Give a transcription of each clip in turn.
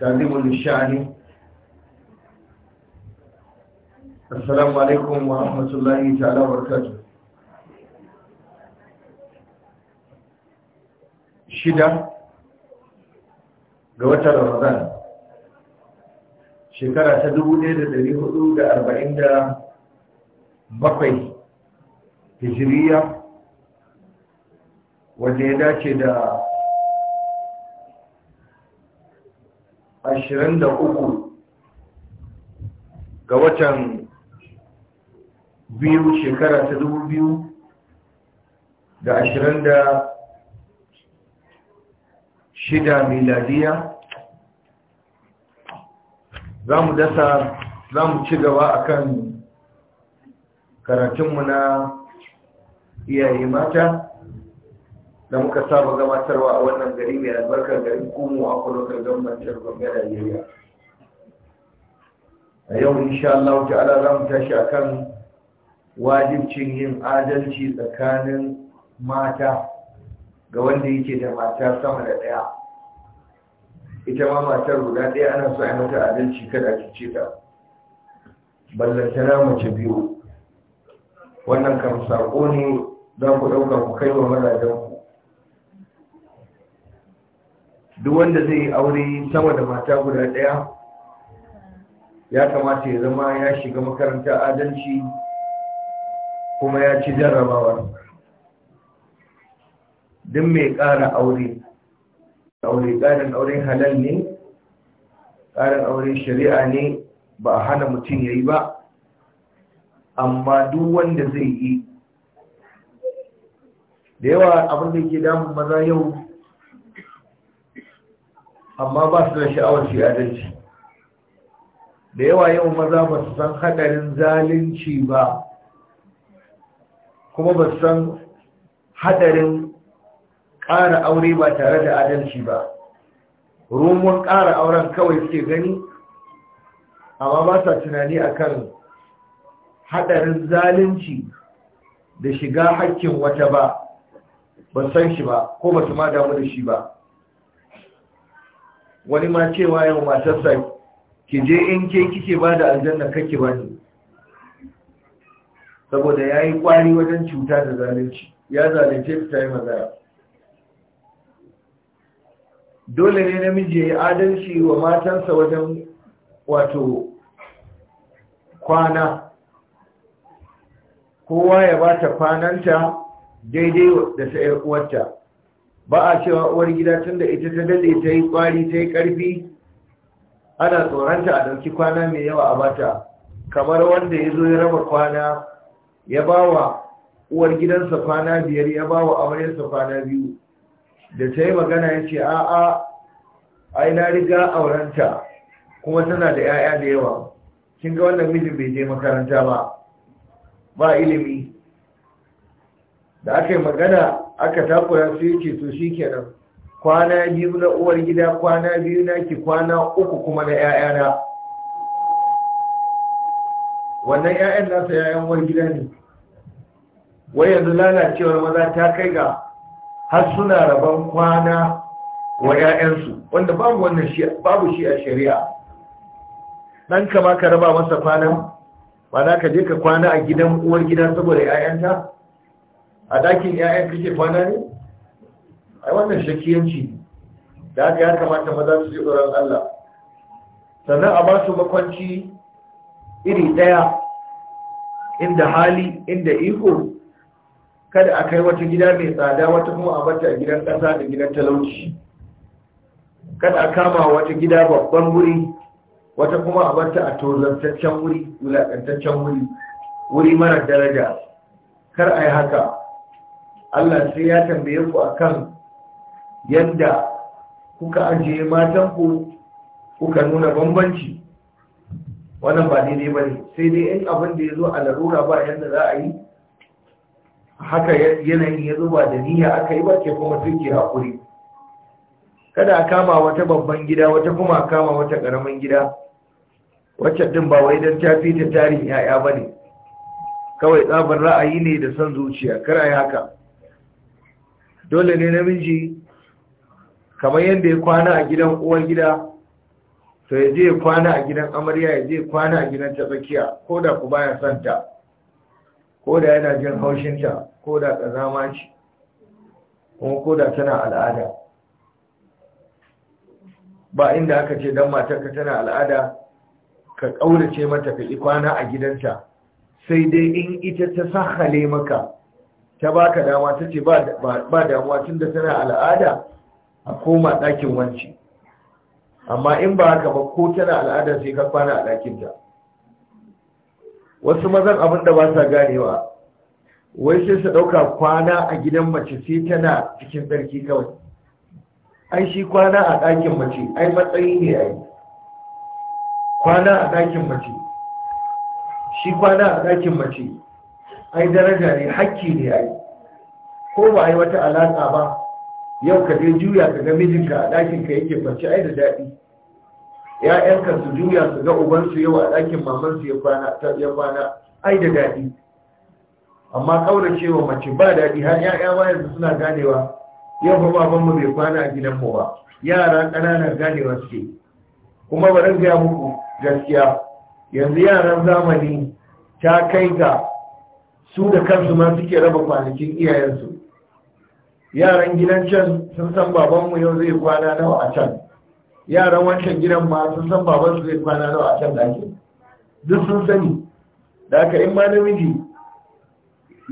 تعذيب Nishani. السلام عليكم ورحمة الله تعالى Shida, شدة قوة رمضان shekara ta dubu ɗaya da da da hudu arba'in bakwai hijiriya wanda ya dace da ashirin da uku ga watan biyu shekara ta dubu biyu da ashirin da shida miladiya za mu dasa za mu ci gaba kan karatunmu na iyaye mata da muka saba gabatarwa a wannan gari mai albarkar gari kumu a kulokar gambancin gwamnati Najeriya. A yau insha Allah Ala za mu tashi akan wajibcin yin adalci tsakanin mata ga wanda yake da mata sama da ɗaya. Ita ma matar guda ɗaya ana so a mata adalci kada a ce ta. Ballantana mace biyu. Wannan kam sako ne za ku ɗauka ku kai wa mazajen duk wanda zai yi aure sama da mata guda ɗaya ya kamata ya zama ya shiga makaranta adalci kuma ya ci jarrabawa duk mai ƙara aure aure ƙarin aure halal ne ƙarin aure shari'a ne ba a hana mutum ya yi ba amma duk wanda zai yi da yawa abin da ke damun maza yau amma ba su da sha'awar shi adalci da yawa yau maza ba su san hadarin zalunci ba kuma ba su san hadarin ƙara aure ba tare da adalci ba rumun ƙara auren kawai suke gani amma ba sa tunani a kan hadarin zalunci da shiga hakkin wata ba ba san shi ba ko ba su ma damu da shi ba wani ma cewa yau matarsa ki je in ke kike ba da aljanna kake ba ne saboda ya yi kwari wajen cuta da zalunci ya zalunce ta yi mazara dole ne namiji ya yi adalci wa matansa wajen wato kwana kowa ya ba ta kwananta daidai da sa'ir uwarta ba a cewa uwar gida tun da ita ta dade ta yi kwari ta yi karfi ana tsoronta a ɗauki kwana mai yawa a bata kamar wanda ya zo ya raba kwana ya ba wa uwar gidansa kwana biyar ya ba wa amaryarsa kwana biyu da ta yi magana ya ce a'a ai na riga aurenta kuma tana da 'ya'ya da yawa kin ga wannan mijin bai je makaranta ba ba ilimi da aka yi magana aka takura su yake to shi kenan kwana biyu na uwar gida kwana biyu na ki kwana uku kuma na 'ya'yana wannan 'ya'yan nasa 'ya'yan uwar gida ne wai yanzu lalacewar maza ta kai ga har suna rabon kwana wa 'ya'yansu wanda babu wannan shi babu shi a shari'a dan kama ka raba masa kwanan ba za ka je ka kwana a gidan uwar gida saboda 'ya'yanta a dakin 'ya'yan kake kwana ne ai wannan shakiyanci da haka ya kamata maza su ji tsoron Allah sannan a ba su makwanci iri ɗaya inda hali inda iko kada a kai wata gida mai tsada wata kuma a bata gidan ƙasa da gidan talauci kada a kama wata gida babban wuri wata kuma a bata a tozantaccen wuri wuri wuri marar daraja kar a yi haka Allah sai ya tambaye ku kan yadda kuka ajiye matanku kuka nuna bambanci wannan ba daidai ba ne sai dai in abin da ya zo a larura ba yadda za a yi haka yanayin ya zo ba da niyya aka yi ba ke kuma suke haƙuri kada a kama wata babban gida wata kuma a kama wata ƙaramin gida wacce din ba wai don tafi ta tarin 'ya'ya ba ne kawai tsabar ra'ayi ne da son zuciya kar a yi haka dole ne namiji kamar yadda ya kwana a gidan uwar gida to ya je ya kwana a gidan amarya ya je kwana a gidan tsakiya ko da ku baya santa ko da yana jin haushinta ko da ƙazama ce kuma ko da tana al'ada ba inda aka ce don matarka tana al'ada ka ƙaurace mata ka kwana a gidanta sai dai in ita ta sahale maka ta baka dama ta ce ba damuwa tun da tana al'ada a koma ɗakin wanci amma in ba haka ba ko tana al'ada sai ka kwana a ɗakinta wasu mazan abin da ba sa ganewa wai sai su ɗauka kwana a gidan mace sai tana cikin tsarki kawai ai shi kwana a ɗakin mace ai matsayi ne ai kwana a ɗakin mace shi kwana a ɗakin mace ai daraja ne hakki ne ai ko ba ai wata alaƙa ba yau ka je juya ka ga mijinka a ɗakin ka yake kwanci ai da daɗi ‘ya'yanka su juya su ga ubansu yau a ɗakin mamansu ya kwana ai da daɗi amma kaura wa mace ba daɗi har ‘ya'ya ma yanzu suna ganewa yau ba babanmu bai kwana a mu ba yara ƙananan ganewa suke kuma bari gaya muku gaskiya yanzu yaran zamani ta kai ga su da kansu ma suke raba kwanakin iyayensu yaran gidan can sun san babanmu yau zai kwana nawa a can yaran wancan gidan ma sun san babansu zai kwana nawa a can da ake duk sun sani da aka in ma namiji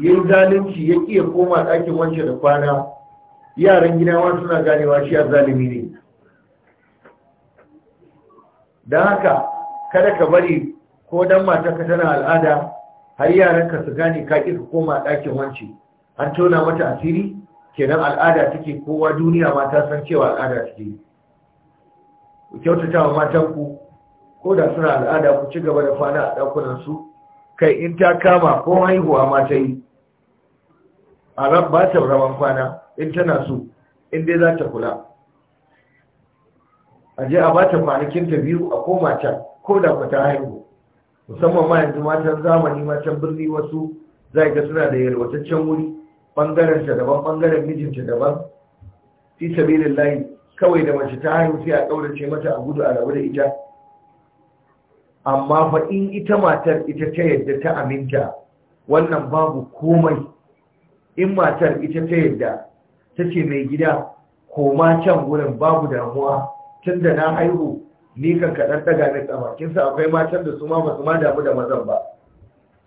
ya yi zalunci ya iya koma ɗakin wance da kwana yaran gida ma suna ganewa shi a zalimi ne don haka kada ka bari ko dan matarka tana al'ada har yaran ka su gane ka kika koma ɗakin wance an tona mata asiri kenan al'ada take kowa duniya ma ta san cewa al'ada take ku kyautata wa matan ku ko da suna al'ada ku ci gaba da fana a ɗakunan su kai in ta kama ko haihuwa ma ta yi a ran ba ta rawan kwana in tana so in dai za ta kula a je a ba ta kwanakin ta biyu a koma can ko da ku ta haihu musamman ma yanzu matan zamani matan birni wasu za ga suna da yalwataccen wuri bangaren ta daban bangaren mijinta daban fi layi kawai da mace ta haihu sai a kaurace mata a gudu a rabu da ita amma fa in ita matar ita ta yadda ta aminta wannan babu komai in matar ita ta yadda ta ce mai gida koma can wurin babu damuwa tun da na haihu ni kan kaɗan daga ne sama kin sa akwai matan da su ma ba ma damu da mazan ba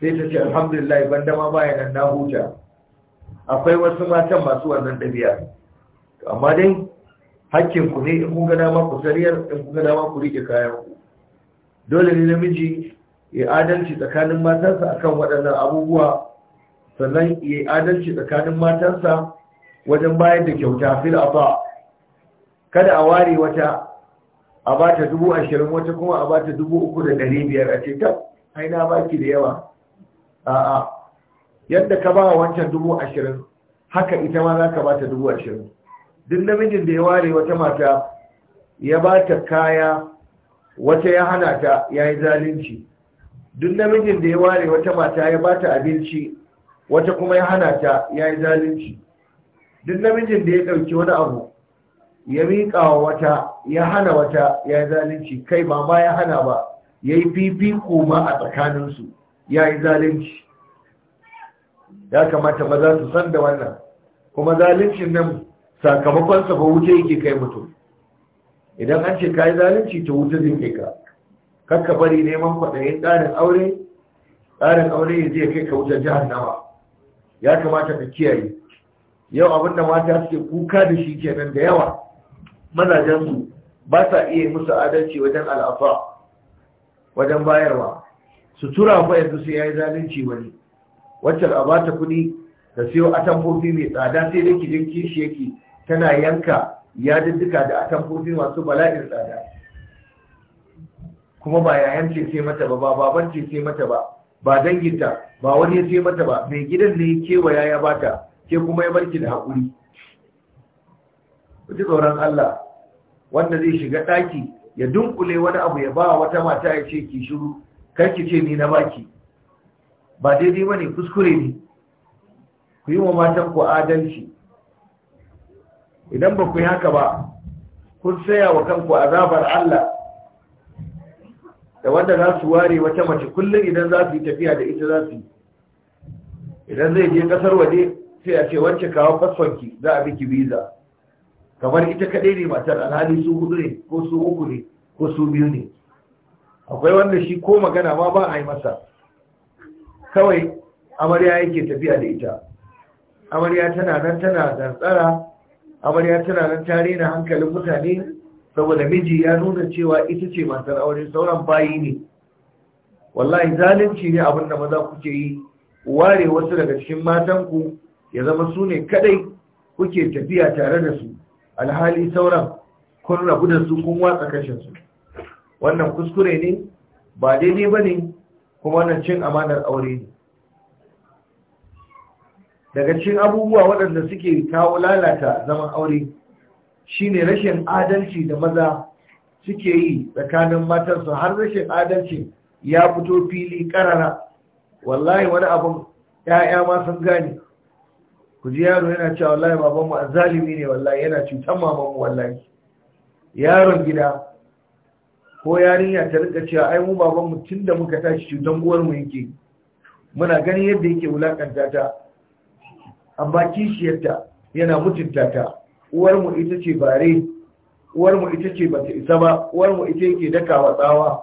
sai ta ce alhamdulillah ban dama baya nan na huta akwai wasu matan masu wannan ɗabi'a amma dai hakkin ku ne in kun ga dama ku sariyar in kun ga dama ku rike kayan ku dole ne namiji ya adalci tsakanin matansa akan waɗannan abubuwa sannan ya adalci tsakanin matansa wajen bayar da kyauta fil afa kada a ware wata a ba ta dubu ashirin wata kuma a ba ta dubu uku da ɗari biyar a ce ta aina ba ki da yawa a'a yadda ka ba wancan dubu ashirin haka ita ma za ka ba ta dubu ashirin duk namijin da ya ware wata mata ya ba ta kaya wata ya hana ta ya yi zalunci duk namijin da ya ware wata mata ya ba ta abinci wata kuma ya hana ta ya yi zalunci duk namijin da ya ɗauki wani abu ya miƙa wa wata ya hana wata ya yi zalunci kai ba ma ya hana ba ya yi fifiko ma a tsakaninsu ya yi zalunci ya kamata za su san da wannan kuma zaluncin nan sakamakonsa ba wuce yake kai mutum idan an ce ka yi zalunci ta wuce zai kai ka kakka bari neman kwaɗayin tsarin aure tsarin aure ya je kai ka wuce jihar nawa ya kamata ka kiyaye yau abinda mata suke kuka da shi kenan da yawa mazajensu ba sa iya musu adalci wajen al'afa wajen bayarwa sutura fa yanzu sai ya yi zalunci wani waccan a bata kuɗi da siyo atamfofi mai tsada sai dai kijin kishi yake tana yanka ya didduka da atamfofi masu bala'in tsada kuma ba yayan ce sai mata ba ba baban ce sai mata ba ba danginta ba wani ya sai mata ba mai gidan ne kewaya ya bata ke kuma ya barki da haƙuri ku ji tsoron Allah wanda zai shiga ɗaki ya dunkule wani abu ya ba wata mata ya ce ki shiru ki ce ni na baki ba daidai ba ne kuskure ne ku yi wa matan ku adalci idan ba ku yi haka ba kun saya wa kanku azabar Allah da wanda za su ware wata mace kullum idan za su yi tafiya da ita za su yi idan zai je kasar waje sai a ce wance kawo fasfonki za a biki biza kamar ita kaɗai ne matar alhali su hudu ne ko su uku ne ko su biyu ne akwai wanda shi ko magana ma ba a yi masa kawai amarya yake tafiya da ita amarya tana nan tana zantsara amarya tana nan ta rena hankalin mutane saboda miji ya nuna cewa ita ce matar aure sauran bayi ne wallahi zalunci ne abin da maza kuke yi ware wasu daga cikin matanku ya zama su ne kadai kuke tafiya tare da su alhali sauran kun rabu da su kun watsa kashinsu wannan kuskure ne ba daidai ba ne kuma wannan cin amanar aure ne daga cikin abubuwa waɗanda suke kawo lalata zaman aure shine rashin adalci da maza suke yi tsakanin matansu har rashin adalci ya fito fili karara wallahi wani abin 'ya'ya ma sun gane ku ji yaro yana cewa wallahi babanmu azalimi ne wallahi yana cutar mamanmu wallahi yaron gida ko yarinya ta rika cewa ai mu babanmu tunda muka tashi uwar uwarmu yake muna ganin yadda yake wulakanta ta amma kishiyarta yana mutunta ta uwarmu ita ce bare uwarmu ita ce bata isa ba uwarmu ita yake wa tsawa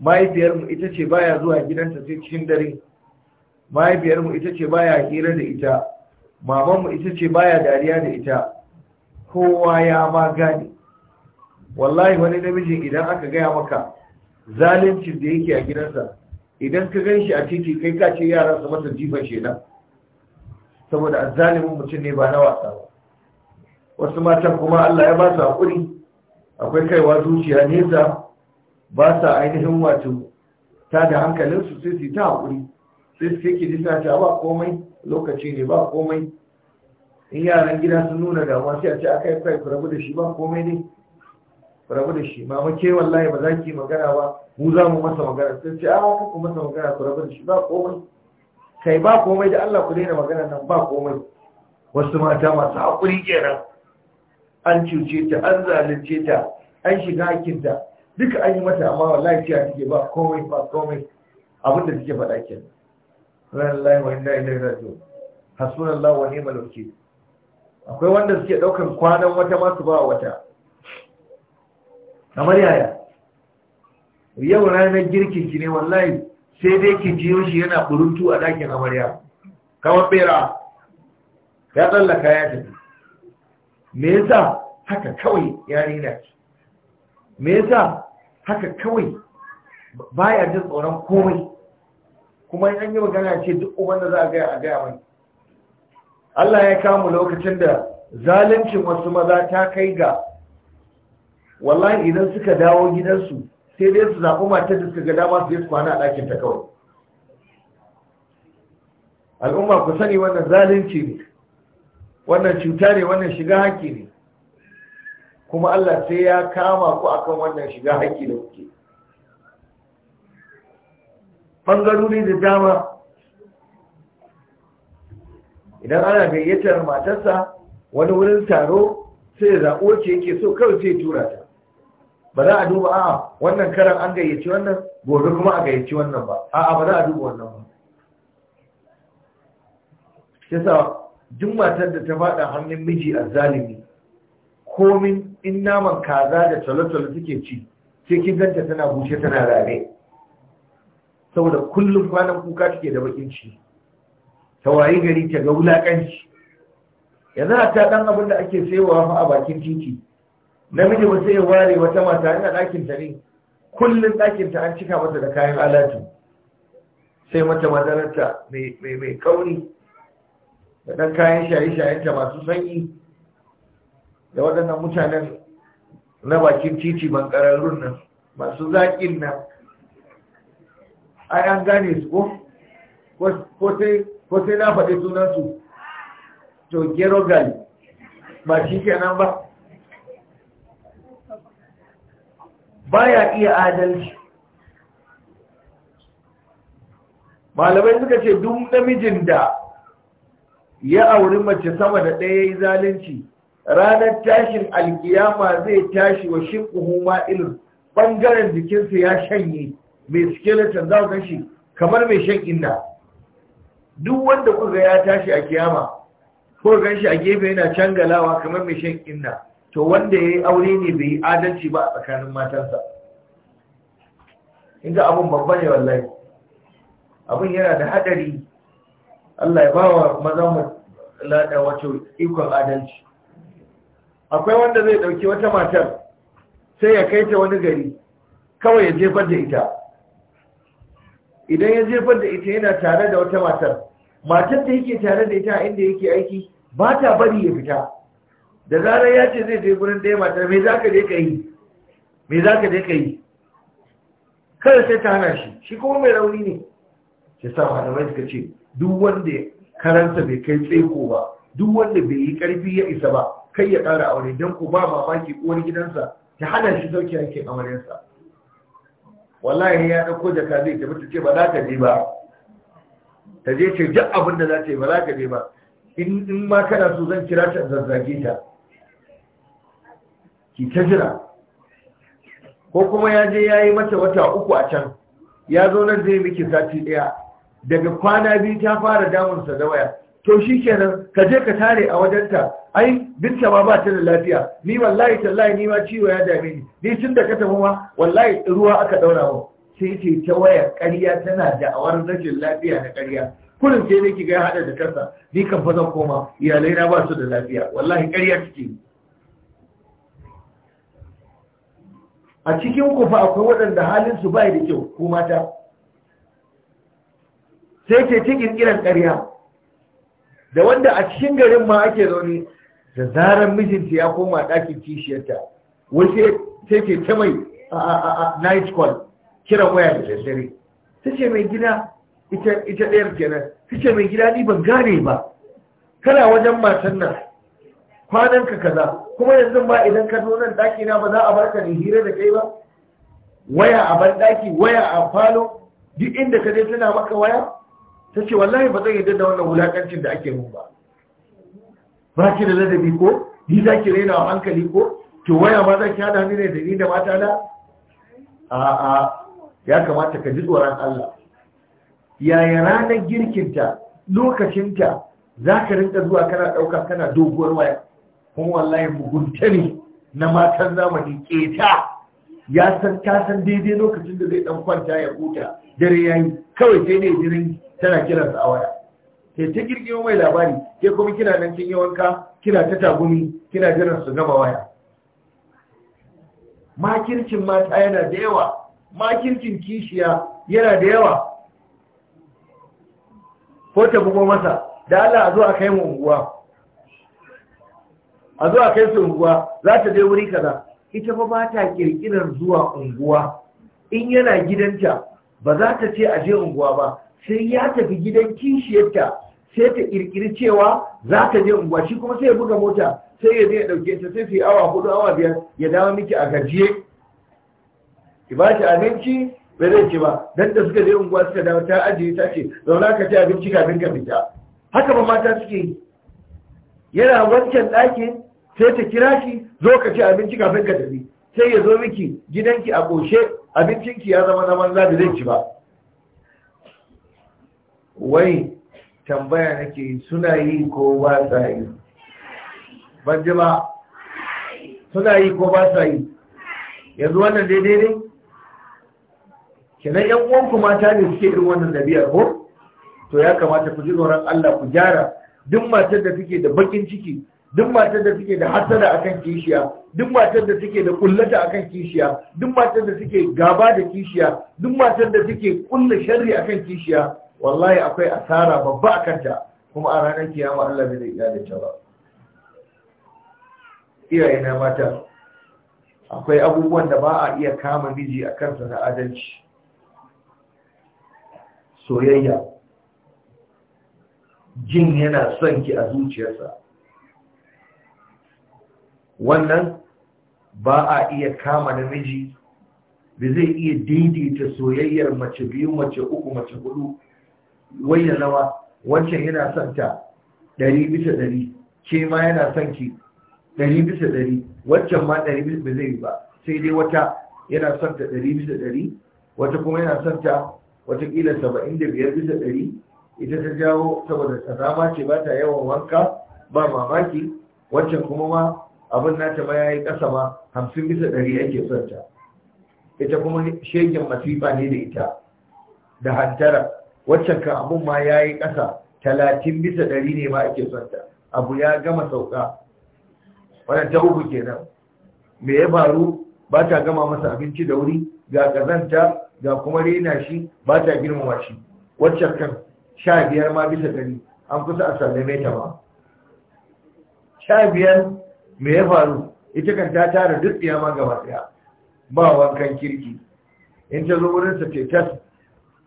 mahaifiyarmu ita ce baya zuwa gidanta sai cikin dare mahaifiyarmu ita ce baya hira da ita mamanmu ita ce baya dariya da ita kowa ya ma gane wallahi wani namijin idan aka gaya maka zalincin da yake a gidansa idan ka gan shi a titi kai ka ce yara su masa jifan nan saboda azalimin mutum ne ba na wasa ba wasu matan kuma Allah ya ba su haƙuri akwai kaiwa zuciya nesa ba sa ainihin wato ta da hankalinsu sai su ta haƙuri sai sai ke dinga ta ba komai lokaci ne ba komai in yaran gida sun nuna damuwa sai a ce a kai ku rabu da shi ba komai ne rabu da shi mama ke wallahi ba za ki magana ba mu za mu masa magana sai ce a ka ku masa magana ku rabu da shi ba komai kai ba komai da Allah ku daina magana nan ba komai wasu mata masu haƙuri kenan an cuce ta an zalunce ta an shiga hakinta duka an yi mata amma wallahi ce a take ba komai ba komai abin da take faɗa kenan lillahi wa ilai rajo raji'un hasbunallahu ne ni'mal wakeel akwai wanda suke daukan kwanan wata masu ba wata kamar yaya yau ranar girkin ki ne wallahi sai dai ki jiyo shi yana buruntu a dakin amarya kamar bera ya tsallaka ya tafi me yasa haka kawai yarina ki me yasa haka kawai baya jin tsoron komai kuma an yi magana ce duk wanda za a gaya a gaya mai Allah ya kama lokacin da zaluncin wasu maza ta kai ga wallahi idan suka dawo gidansu sai dai su zaɓi matar da suka ga dama su yi kwana a ɗakin ta kawai al'umma ku sani wannan zalunci ne wannan cuta ne wannan shiga haƙƙi ne kuma Allah sai ya kama ku akan wannan shiga haƙƙi da kuke ɓangarori da dama idan ana gayyatar matarsa wani wurin taro sai da ce yake so kawai sai tura ta ba za a duba a wannan karan an gayyaci wannan gobe kuma a gayyaci wannan ba a'a ba za a duba wannan ba yasa duk matar da ta faɗa hannun miji a zalimi komin in naman kaza da talo-talo suke ci sai kin ganta tana bushe tana rame saboda kullum kwanan kuka take da bakin ci ta waye gari ta ga wulakanci yanzu a ta dan abin da ake sayowa fa a bakin titi namiji ba sai ya ware wata mata ina dakinta ta ne kullum dakinta ta an cika mata da kayan alatu sai mata madararta mai mai kauri da ɗan kayan shaye ta masu sanyi da waɗannan mutanen na bakin titi bankararrun nan masu zaƙin nan ai an gane su ko ko sai na faɗi sunansu to gero gali ba shi kenan ba baya iya adalci malamai suka ce duk namijin da ya auri mace sama da ɗaya ya yi zalunci ranar tashin alkiyama zai tashi wa shi buhuma irin ɓangaren jikinsa ya shanye mai skeleton za ku shi kamar mai shan inna duk wanda kuka ya tashi a kiyama ko gan shi a gefe yana cangalawa kamar mai shan inna to wanda ya yi aure ne bai yi adalci ba a tsakanin matansa inda abun babba ne wallahi abun yana da hadari Allah ya ba wa maza mu lada wato ikon adalci akwai wanda zai dauki wata matar sai ya kai ta wani gari kawai ya jefar da ita idan ya jefar da ita yana tare da wata matar matar da yake tare da ita inda yake aiki ba ta bari ya fita da zarar ya ce zai je gurin ɗaya matar me za ka je ka yi me za ka je ka yi kar sai ta hana shi shi kuma mai rauni ne ya sa da suka ce duk wanda karanta bai kai tseko ba duk wanda bai yi karfi ya isa ba kai ya ƙara aure don ku ba mamaki uwar gidansa ta hana shi sauke yake amaryarsa wallahi ya ɗauko jaka zai tafi ce ba za ka je ba ta je ce duk abin da za ta yi ba za ka je ba in ma kana so zan kira ta zazzage ta ki ta jira ko kuma ya je ya yi mata wata uku a can ya zo nan zai miki sati ɗaya daga kwana biyu ta fara damunsa da waya to shi kenan ka je ka tare a wajenta ai binta ma ba ta da lafiya ni wallahi tallahi ni ma ciwo ya dame ni ni tun da ka tafi ma wallahi ruwa aka daura mu sai ce ta waya ƙarya tana awar rashin lafiya na ƙarya kullum sai nake ga hada da kansa ni kan fa koma iyalai na ba su da lafiya wallahi ƙarya take a cikin ku fa akwai waɗanda halin su bai da kyau ko mata sai ce cikin irin ƙarya da wanda a cikin garin ma ake zaune da zarar mijinta ya koma ɗakin kishiyarta wace ce ta mai night call kiran waya da daddare ta ce mai gida ita ɗayar kenan ta ce mai gida ni ban gane ba kana wajen matan nan kwanan ka kaza kuma yanzu ba idan ka zo nan ɗaki na ba za a barka ni hira da kai ba waya a ban ɗaki waya a falo duk inda ka je tana maka waya ta ce wallahi ba zai yadda da wannan wulakancin da ake mun ba ba ki da ladabi ko ni za ki raina wa hankali ko to waya ma za ki hada ni ne da ni da mata na a'a ya kamata ka ji tsoron Allah yaya ranar girkinta lokacinta za ka rinka zuwa kana ɗauka kana doguwar waya kuma wallahi mugunta ne na matan zamani keta ya san ta san daidai lokacin da zai dan kwanta ya huta dare yayi kawai sai ne jirin tana su a waya sai ta girgiro mai labari ke kuma kina nan kin yawanka kina ta tagumi kina jiran su gama waya makircin mata yana da yawa makircin kishiya yana da yawa ko ta bugo masa da Allah a zo a kai mu unguwa a zo a kai su unguwa za ta je wuri kaza ita fa ba ta kirkirar zuwa unguwa in yana gidanta ba za ta ce a je unguwa ba sai ya tafi gidan kishiyarta sai ta kirkiri cewa za ta je unguwa shi kuma sai ya buga mota sai ya je ya dauke ta sai su yi awa hudu awa biyar ya dawo miki a gajiye ki ba ta abinci bai zai ce ba don da suka je unguwa suka dawo ta ajiye ta ce zauna ka ci abinci kafin ka fita haka ba mata suke yi yana wancan ɗakin sai ta kira shi zo ka ci abinci kafin ka tafi sai ya zo miki gidanki a ƙoshe abincinki ya zama na banza da zai ci ba wai tambaya nake suna yi ko ba sa yi ban ji ba suna yi ko ba sa yi yanzu wannan daidai ne kenan yan uwanku mata ne suke irin wannan dabi'ar ko to ya kamata ku ji tsoron Allah ku gyara duk matar da take da bakin ciki duk matar da take da hasada akan kishiya duk matar da take da kullata akan kishiya duk matar da take gaba da kishiya duk matar da take kulla sharri akan kishiya wallahi akwai asara babba a kanta kuma a ranar kiyama Allah bai zai iya ta ba iyaye na mata akwai abubuwan da ba a iya kama miji a kansa na adalci soyayya jin yana son ki a zuciyarsa wannan ba a iya kama namiji ba zai iya daidaita soyayyar mace biyu mace uku mace hudu wai ya zama wancan yana son ta ɗari bisa ɗari ke ma yana son ki ɗari bisa ɗari wancan ma ɗari bisa ba zai yi ba sai dai wata yana son ta ɗari bisa ɗari wata kuma yana son ta watakila saba'in da biyar bisa ɗari ita ta jawo saboda tsanama ce ba ta yawan wanka ba mamaki wancan kuma ma abin nata ma ya yi ƙasa ma hamsin bisa ɗari yake son ta ita kuma shegen masifa ne da ita da hantara waccan ka abun ma ya yi ƙasa talatin bisa ɗari ne ma ake sonta abu ya gama sauka wannan ta uku kenan me ya faru ba ta gama masa abinci da wuri ga ƙazanta ga kuma rena shi ba ta girmama shi waccan kan sha biyar ma bisa ɗari an kusa a sallame ta ba. sha biyar me ya faru ita kan ta tara duk ma gaba ɗaya ba wankan kirki in ta zo wurinsa ce tas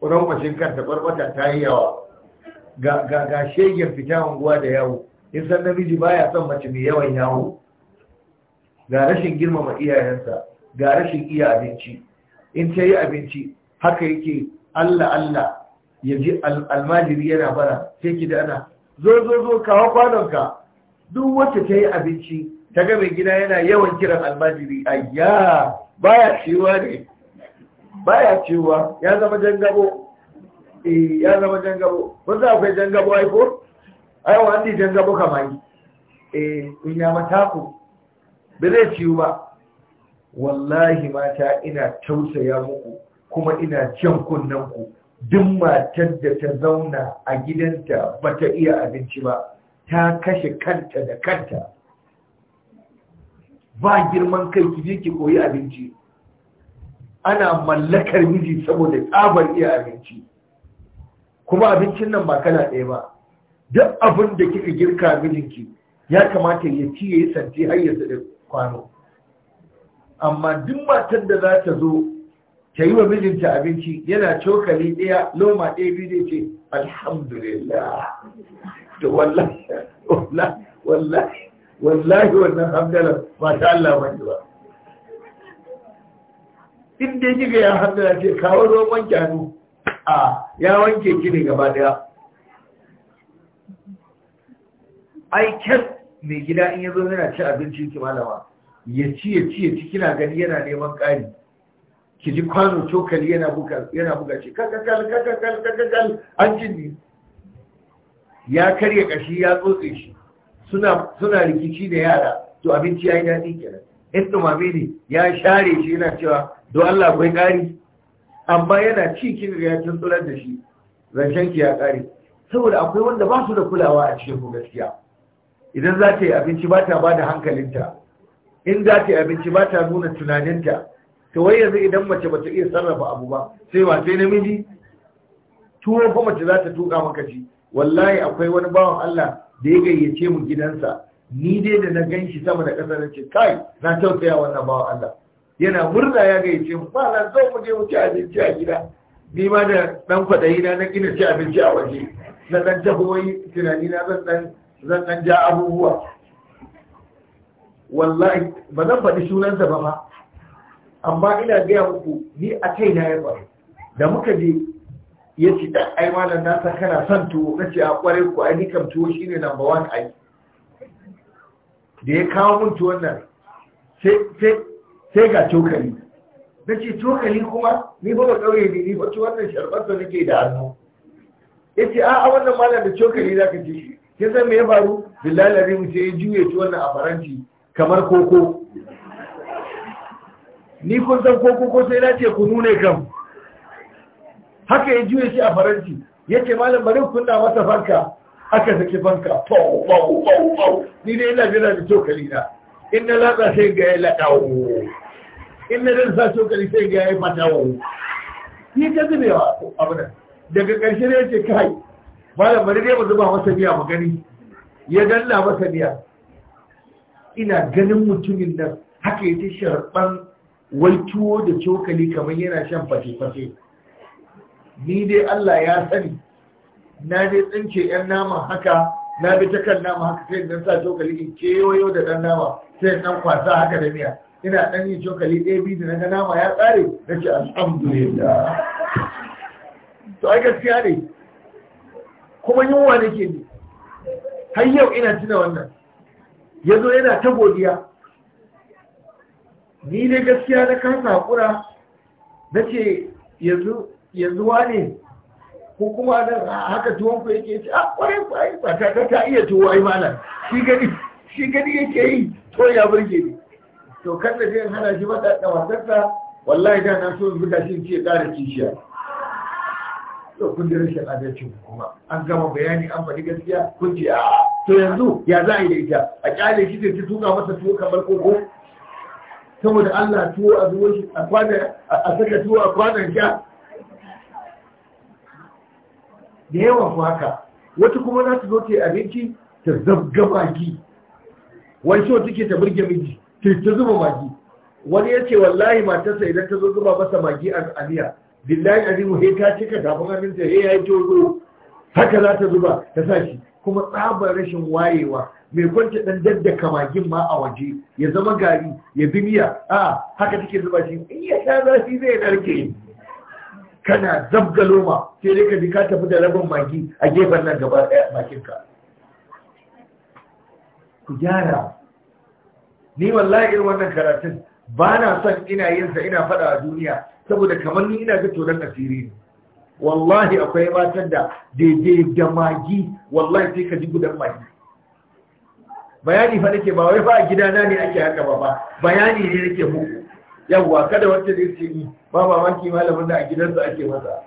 ƙwarankwashin kanta barbata ta yi yawa ga shegen fita unguwa da yawo in san namiji baya son mace mai yawan yawo ga rashin girmama iyayensa ga rashin iya abinci in ta yi abinci haka yake allah allah ya ji almajiri yana bara sai ki da ana zo zo zo kawo kwanonka duk wacce ta yi abinci ta ga mai gida yana yawan kiran almajiri ayya baya shiwa ne baya cewa ya zama jangabo eh ya zama jangabo kun za akwai jangabo ai ko ai wani jangabo kamar eh in ya mata ku ba zai ciwu ba wallahi mata ina tausaya muku kuma ina jan kunnanku duk matar da ta zauna a gidanta ba ta iya abinci ba ta kashe kanta da kanta ba girman kai ki je ki koyi abinci ana mallakar miji saboda tsabar iya abinci kuma abincin nan ba kana ɗaya ba duk abin da kika girka mijinki ya kamata ya ci ya yi santi har ya da kwano amma duk matan da za ta zo ta yi wa mijinta abinci yana cokali ɗaya loma ɗaya biyu zai ce alhamdulillah wallahi wallahi wallahi wannan hamdalar ta Allah mai ba inda da ga ya hannu ya ce kawo roman wanke hannu a ya wanke ki ne gaba daya ai mai gida in yazo yana ci abinci ki malama ya ci ya ci ya ci kina gani yana neman kari ki ji kwano cokali yana buga yana buga ce kakakal kakakal kakakal an ni. ya karya kashi ya tsotse shi suna suna rikici da yara to abinci ya yi daɗi kenan ne, ya share shi yana cewa don Allah akwai ƙari amma yana ci kin ga da shi zancen ki ya ƙari saboda akwai wanda ba su da kulawa a cikin ku gaskiya idan za ta yi abinci ba ta ba da hankalinta in za ta yi abinci ba ta nuna tunaninta to wai yanzu idan mace ba ta iya sarrafa abu ba sai ba sai namiji tuwo ko mace za ta tuka maka ci wallahi akwai wani bawan Allah da ya gayyace mu gidansa ni dai da na gan shi sama da ƙasar na ce kai na tausaya wannan bawa Allah yana murna ya ga mu ba na zo mu je mu ci abinci a gida ni ma da dan kwaɗayi na na gina ci abinci a waje na dan tahoyi tunani na zan dan zan dan ja abubuwa wallahi ba zan faɗi sunansa ba ma amma ina gaya muku ni a na ya faru da muka je ya ci dan ai malam Nasa kana son tuwo na ce a kwarai ku ai ni kam tuwo shine number one ai da ya kawo mutu tuwon nan sai ga cokali na ce cokali kuma ni ba ba ɗauye ne ni ba tuwon nan sharbarsa nake da hannu ya ce a wannan malam da cokali za ka ce shi ya san me ya faru bilalari mu sai ya juye tuwon nan a faranti kamar koko ni kun san koko ko sai na ce ku nune kam haka ya juye shi a faranti ya ce malam bari kunna masa fanka haka saki banka fau fau fau ni dai ina jira da cokali na in na latsa sai ga ya laɗawo in na sa cokali sai ga ya matawo ni ta zube wa abuna daga ƙarshe ne ce kai malam bari dai ba zuba masa biya mu gani ya danna masa biya ina ganin mutumin nan haka yace sharban wai tuwo da cokali kamar yana shan fashe-fashe ni dai Allah ya sani na je tsinke yan nama haka na bi ta kan nama haka sai dan sa cokali in kewayo da dan nama sai dan kwasa haka da miya ina dan yin cokali ɗaya biyu da naga nama ya tsare ce alhamdulillah to ai gaskiya ne kuma yunwa nake ne har yau ina tuna wannan ya zo yana ta godiya ni ne gaskiya na kasa hakura na ce yanzu wane ko kuma nan haka tuwon ku yake ce a ah, kwarai ku ai ba ta ta iya tuwo ai malam shi gani shi gani yake yi to ya burge ni to kan da zai hana shi mata da wasarsa wallahi da na so zuga shi ce ƙara kishiya to kun ji rashin adalcin kuma an gama bayani an faɗi gaskiya kun ce a ah, to yanzu ya za a yi da ita a kyale shi ta tuka masa tuwo kamar koko saboda Allah tuwo a zuwa shi a kwanan a saka tuwo a kwanan sha da yawan haka wata kuma za ta zo ta yi abinci ta zabga magi wani shi take ta burge miji ta zuba magi wani ya ce wallahi matarsa idan ta zo zuba masa magi a aliya billahi azimu he ta cika dafin abin he ya yi tozo haka za ta zuba ta sa shi kuma tsabar rashin wayewa mai kwanci dan daddaka magin ma a waje ya zama gari ya bi miya a haka take zuba shi in ya sha zafi zai narke kana zabga loma sai dai ka ka tafi da rabin maki a gefen nan gaba ɗaya ka. ku gyara ni wallahi irin wannan karatun ba na son ina yin sa ina faɗa a duniya saboda kamar ni ina ga tonon asiri ne wallahi akwai matan da daidai da magi wallahi sai ka ji gudan magi bayani fa nake ba wai fa a gidana ne ake haka ba ba bayani ne nake muku yawwa kada wacce zai ce ni ba maki malamin da a gidansa ake masa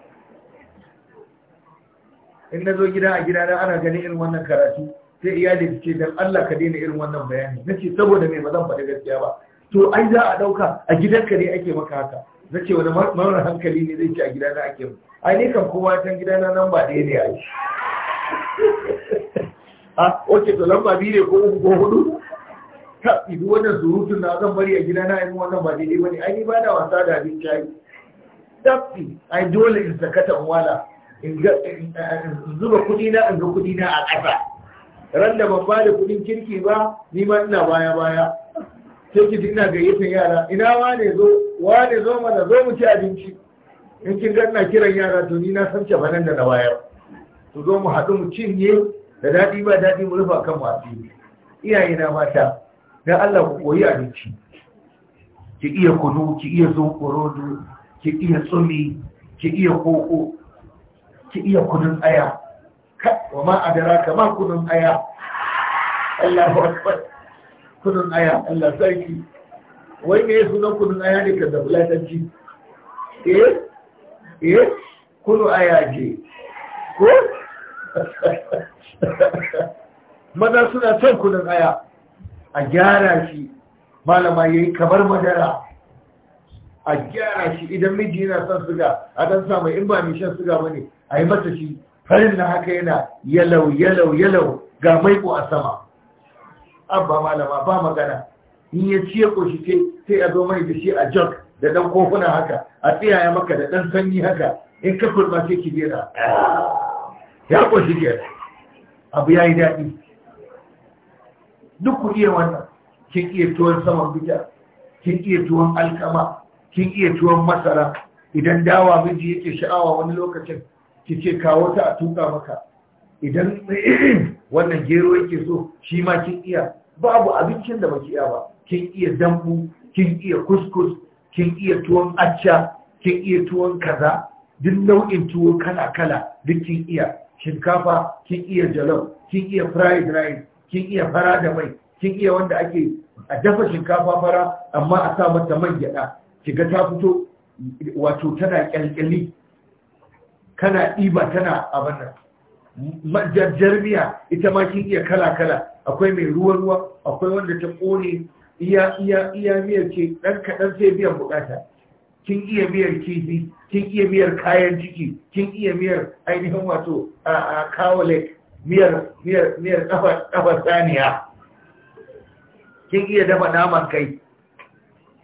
in na zo gida a gida na ana ganin irin wannan karatu sai iyali ce dan Allah ka daina irin wannan bayani ce saboda me ba zan faɗi gaskiya ba to ai za a ɗauka a gidanka ne ake maka haka Na ce wani mara hankali ne zai ce a gidana ake mu ai ne kan kowa can gidana nan ba ɗaya ne a yi a ah, oke to lamba biyu ne ko uku ko hudu ta idu wannan surutun na zan bari a gidana irin wannan ba daidai ba ne ai ni ba na wasa da abin shayi tafi ai dole in sakata wala zuba kudi na in ga kudi na a ƙasa ran da ban bada kudin kirki ba ni ma ina baya baya sai ki ina gayyatar yara ina wane zo wane zo mana zo mu ci abinci in kin ga ina kiran yara to ni na san ce nan da na bayar to zo mu haɗu mu cinye da daɗi ba daɗi mu rufa kan wasu iyaye na mata dan Allah ku koyi abinci ki iya kunu ki iya zonkorodo ki iya tsumi ki iya koko ki iya kunun aya wa ma adara ka ma kunun aya Allahu kunun aya Allah sarki wai me na kunun aya ne ka da bulatanci eh eh kunu aya ce ko maza suna son kunun aya a gyara shi malama ya yi kamar madara a gyara shi idan miji yana son suga a dan samu in ba mai shan suga ba ne a yi masa shi farin na haka yana yalau yalau yalau ga maiko a sama abba malama ba magana in ya ciye ce sai a zo mai da shi a jog da dan kofuna haka a tsiyaya maka da dan sanyi haka in ka kurma sai ki jera ya shi ke abu ya yi daɗi duk ku iya wannan kin iya tuwon saman bita kin iya tuwon alkama kin iya tuwon masara idan dawa miji yake sha'awa wani lokacin ki kawo ta a tuka maka idan wannan gero yake so shi ma kin iya babu abincin da baki iya ba kin iya dambu kin iya kuskus kin iya tuwon acca kin iya tuwon kaza duk nau'in tuwo kala kala duk kin iya shinkafa kin iya jalof kin iya fried rice kin iya fara da mai kin iya wanda ake a dafa shinkafa fara amma a sa mata man gyada kiga ta fito wato tana kyalkyali kana ɗiba tana abin nan jarmiya ita ma kin iya kala-kala akwai mai ruwa-ruwa akwai wanda ta ƙone iya iya iya miyar ce ɗan kaɗan sai biyan bukata kin iya miyar kifi kin iya miyar kayan jiki kin iya miyar ainihin wato a kawo lake miyar miyar miyar ƙafa saniya kin iya dafa naman kai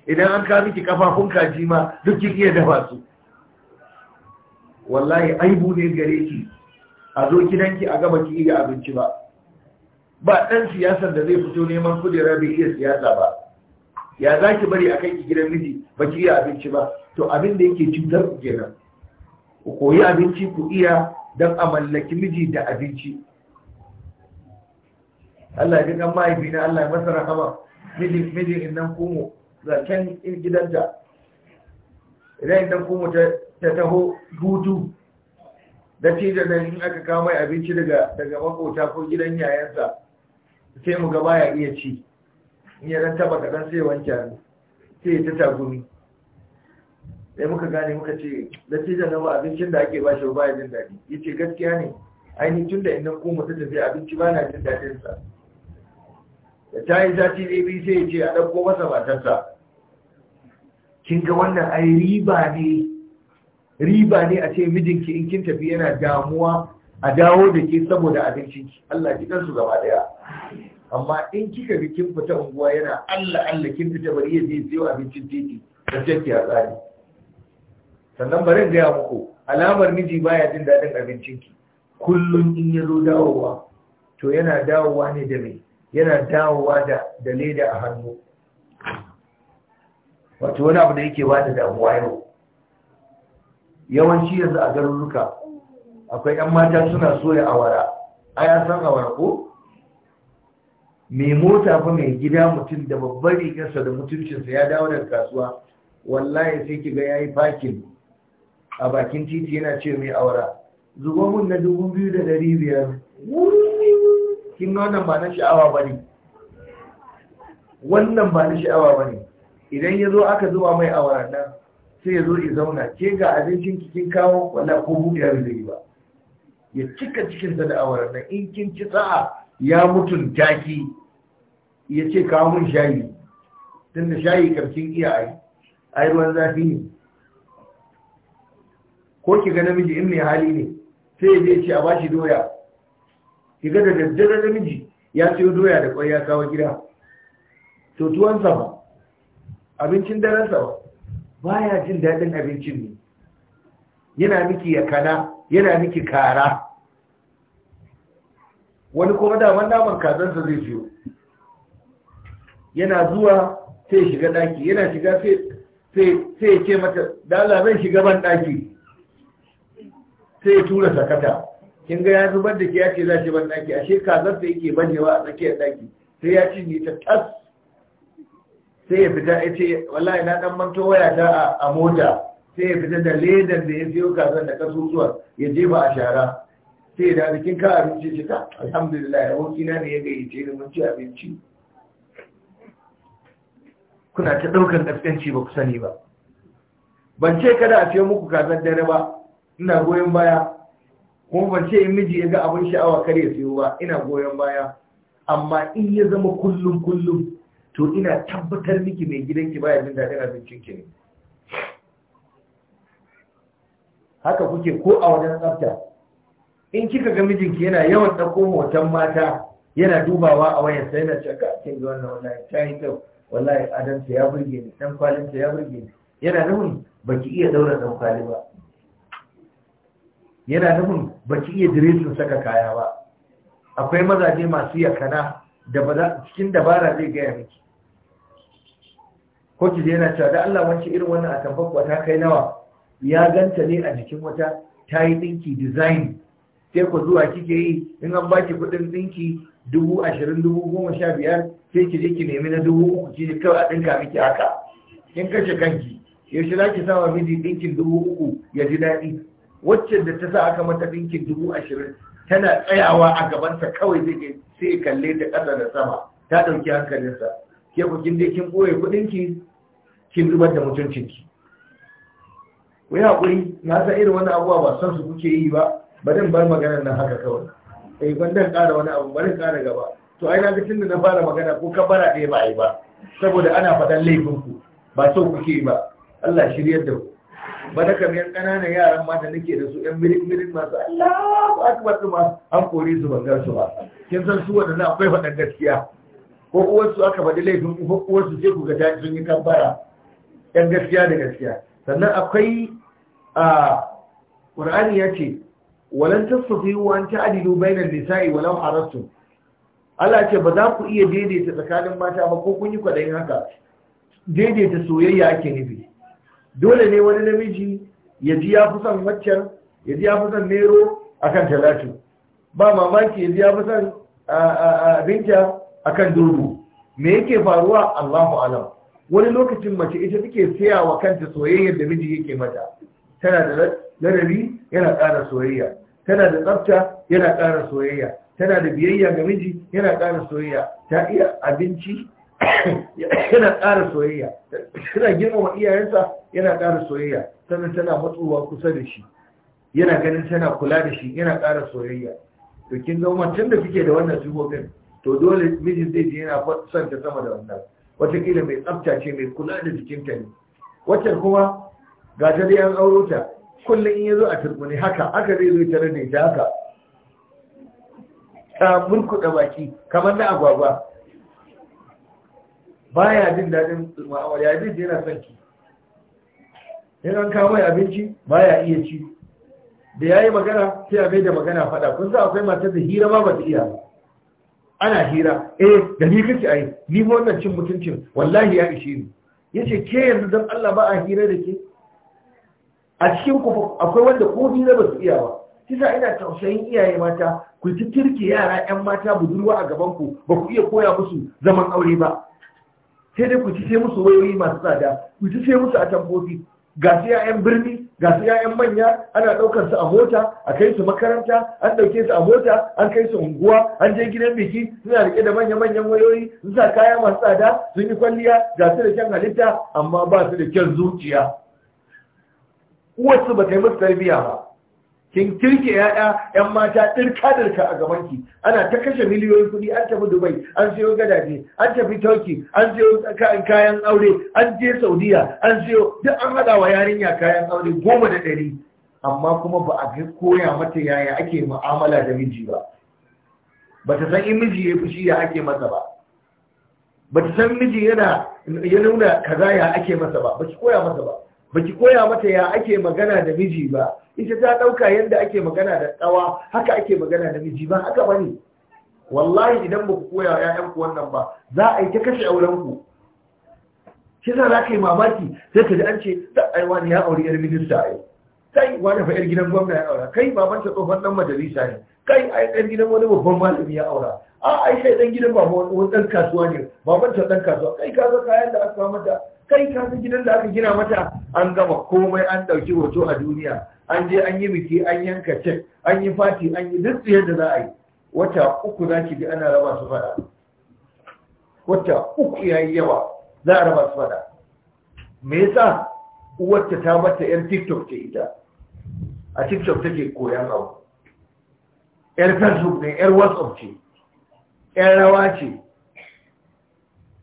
idan an ka miki kafafun kaji ma duk kin iya dafa su wallahi aibu ne gare ki a zo gidanki a gaba ki iya abinci ba ba ɗan siyasar da zai fito neman kujera bai iya siyasa ba ya za ki bari a kai ki gidan miji ba ki iya abinci ba to abin da yake cutar ku kenan ku koyi abinci ku iya don a mallaki miji da abinci Allah ya kan mahaifi na Allah ya masa rahama miji miji in nan kumo zaken gidanta idan in nan ta ta taho hutu da ce da nan in aka kawo mai abinci daga daga makota ko gidan yayansa sai mu gaba ya iya ci in ya dan taba kadan sai wanke hannu sai ta tagumi sai muka gane muka ce da ce da nan abincin da ake bashi ya jin daɗi yace gaskiya ne ainihin tun da inda ko mutum tafi abinci ba na jin daɗin sa da ta yi sati ne biyu sai ya ce a ɗauko masa matarsa kin ga wannan ai riba ne riba ne a ce mijinki in kin tafi yana damuwa a dawo da ke saboda abincinki Allah dan su gaba daya amma in kika bi kin fita unguwa yana Allah Allah kin fita bari ya je sayo abincin titi da jaki a tsari sannan bari in gaya muku alamar miji baya jin dadin abincinki kullum in ya zo dawowa to yana dawowa ne da mai yana dawowa da da leda a hannu wato wani abu da yake bada damuwa yau yawanci yanzu a garuruka akwai 'yan mata suna soya awara a ya san awara ko mai mota fa mai gida mutum da babbar rigarsa da mutuncinsa ya dawo daga kasuwa wallahi sai kiga ya yi fakin a bakin titi yana ce mai awara zuba mun na dubu biyu da ɗari biyar kin wannan ba na sha'awa ba ne wannan ba na sha'awa ba ne idan ya zo aka zuba mai awara nan sai ya zo ya zauna ke ga abincin cikin kawo wala ko buɗe abin da yi ba ya cika cikin da da'awar nan in kin ci sa'a ya mutun, jaki. ya ce kawo mun shayi tun da shayi karshen iya ai ai ruwan zafi ne ko ki ga namiji in mai hali ne sai ya je ce a bashi doya ki ga da daddare namiji ya ce doya da kwai ya kawo gida to tuwan ba abincin daren ba. baya jin daɗin abincin ne yana miki ya yana miki kara wani kuma daman naman kazansa zai siyo yana zuwa sai shiga ɗaki yana shiga sai ya ce mata dala zai shiga ban ɗaki sai ya tura sakata kin ga ya zubar da ke ya ce za shi ban ɗaki ashe kazansa yake banewa a tsakiyar ɗaki sai ya ci cinye ta tas sai ya fita ya ce wallahi na dan manto waya ta a mota sai ya fita da ledar da ya siyo kasan da kasusuwar ya jefa a shara sai da bikin ka abinci shi ka alhamdulillah yawanci na ne ya gayyace ni mun ci abinci kuna ta ɗaukar gaskanci ba ku sani ba ban ce kada a ce muku kasan dare ba ina goyon baya kuma ban ce in miji ya ga abin sha'awa kar ya siyo ba ina goyon baya amma in ya zama kullum kullum to ina tabbatar miki mai gidanki baya jin daɗin abincin ki ne haka kuke ko a wajen tsafta in kika ga mijinki yana yawan ɗauko hoton mata yana dubawa a wayar sai na caka kin ga wannan wallahi ta yi kyau wallahi adamta ya burge ni ɗan kwalinta ya burge ni yana nufin baki iya daura dan kwali ba yana nufin baki iya diresin saka kaya ba akwai mazaje masu yakana da ba cikin dabara zai gaya miki ko ki yana cewa da Allah wance irin wannan a tambar ta kai nawa ya ganta ne a jikin wata ta yi ɗinki design sai ku zuwa kike yi in an baki kuɗin dinki dubu ashirin dubu goma sha biyar sai ki je ki nemi na dubu uku ki kawai a ɗinka miki haka kin kashe kanki yaushe za ki sa wa miji ɗinkin dubu uku ya ji daɗi wacce da ta sa aka mata ɗinkin dubu ashirin tana tsayawa a gabansa kawai zai sai kalle da ƙasa da sama ta ɗauki hankalinsa ke ku kin je kin ɓoye kuɗinki kin zubar da mutuncinki ku yi haƙuri na san irin wani abuwa ba san su kuke yi ba Ba zan bar maganar nan haka kawai eh dan ƙara wani abu bari ƙara gaba to ai na ga tunda na fara magana ko bara ɗaya ba a yi ba saboda ana faɗan ku, ba so kuke yi ba Allah shiryar da ku ba da kamar ƙananan yaran ma da nake da su yan mirin-mirin masu Allahu akbar kuma an kore su ban gan su ba kin san su wanda na akwai faɗan gaskiya ko uwar su aka faɗi laifin ko uwar su sai ku ga ta sun yi kambara 'yan gaskiya da gaskiya sannan akwai a ƙur'ani ya ce walan tasfihu an na bainan nisa'i walau harastum Allah ce ba za ku iya daidaita tsakanin mata ba ko kun yi kwaɗayin haka daidaita soyayya ake nufi dole ne wani namiji ya ji ya fi son maccar ya ji ya fi son nero a kan talatu ba mamaki ya ji ya fi son binta kan dubu me yake faruwa Allahu alam wani lokacin mace ita take saya wa kanta soyayyar da miji yake mata tana da ladabi yana ƙara soyayya tana da tsafta yana ƙara soyayya tana da biyayya ga miji yana ƙara soyayya ta iya abinci yana ƙara soyayya tana girmama iyayensa yana ƙara soyayya sannan tana matsowa kusa da shi yana ganin tana kula da shi yana ƙara soyayya to kin ga tun da kike da wannan sifofin to dole mijin zai je yana son ta sama da wannan watakila mai tsafta ce mai kula da jikinta ne waccan kuma ga ta dai an auro ta kullum in ya zo a turbuni haka aka zai zo tare da ita haka ta murkuɗa baki kamar na agwagwa baya jin daɗin ma'amala ya jin yana son ki in an kawo mai abinci baya iya ci da ya yi magana sai a mai da magana faɗa kun sa akwai matar da hira ma ba ta iya ba ana hira eh da ni kace ai ni wannan cin mutuncin wallahi ya ishe ni yace ke yanzu dan Allah ba a hira da ke a cikin ku akwai wanda ko na ba su iya ba kisa ina tausayin iyaye mata ku ta yara yan mata budurwa a gaban ku ba ku iya koya musu zaman aure ba sai dai ku ci sai musu wayoyi masu tsada ku ci sai musu a ga sai yayan birni ga su yayan manya ana ɗaukar su a mota a kai su makaranta an ɗauke su a mota an kai su unguwa an je gidan biki suna rike da manya manyan wayoyi sun sa kaya masu tsada sun yi kwalliya ga su da kyan halitta amma ba su da kyan zuciya uwarsu ba ta yi musu tarbiyya ba kin kirki ya'ya yan mata dirka dirka a gaban ki ana ta kashe miliyoyin kuɗi an tafi dubai an siyo gadaje an tafi turkey an siyo kayan aure an je saudiya an siyo duk an haɗa wa yarinya kayan aure goma da ɗari amma kuma ba a koya mata yaya ake mu'amala da miji ba ba ta san in miji ya fushi ya ake masa ba ba ta san miji yana ya nuna kaza ya ake masa ba ba ki koya masa ba ba ki koya mata ya ake magana da miji ba ita ta ɗauka yadda ake magana da tsawa haka ake magana da miji ba haka ba ne wallahi idan ba ku koya wa 'ya'yanku wannan ba za a yi ta kashe aurenku shi za za ka yi mamaki sai ka ji an ce ta aiwa ne ya auri yar minista ai kai wani fa yar gidan gwamna ya aura kai baban ta tsohon dan majalisa ne kai a ɗan gidan wani babban malami ya aura a ai sai ɗan gidan baban wani ɗan kasuwa ne baban ta ɗan kasuwa kai ka zo kayan da aka mata kai ka gidan da aka gina mata an gama komai an ɗauki hoto a duniya an je an yi biki an yanka cek an yi fati an yi duk yadda za a yi wata uku za ki bi ana raba su fada wata uku ya yi yawa za a raba su fada me yasa uwarta ta mata yan tiktok ce ita a tiktok take koyan abu yar facebook ne yar whatsapp ce yar rawa ce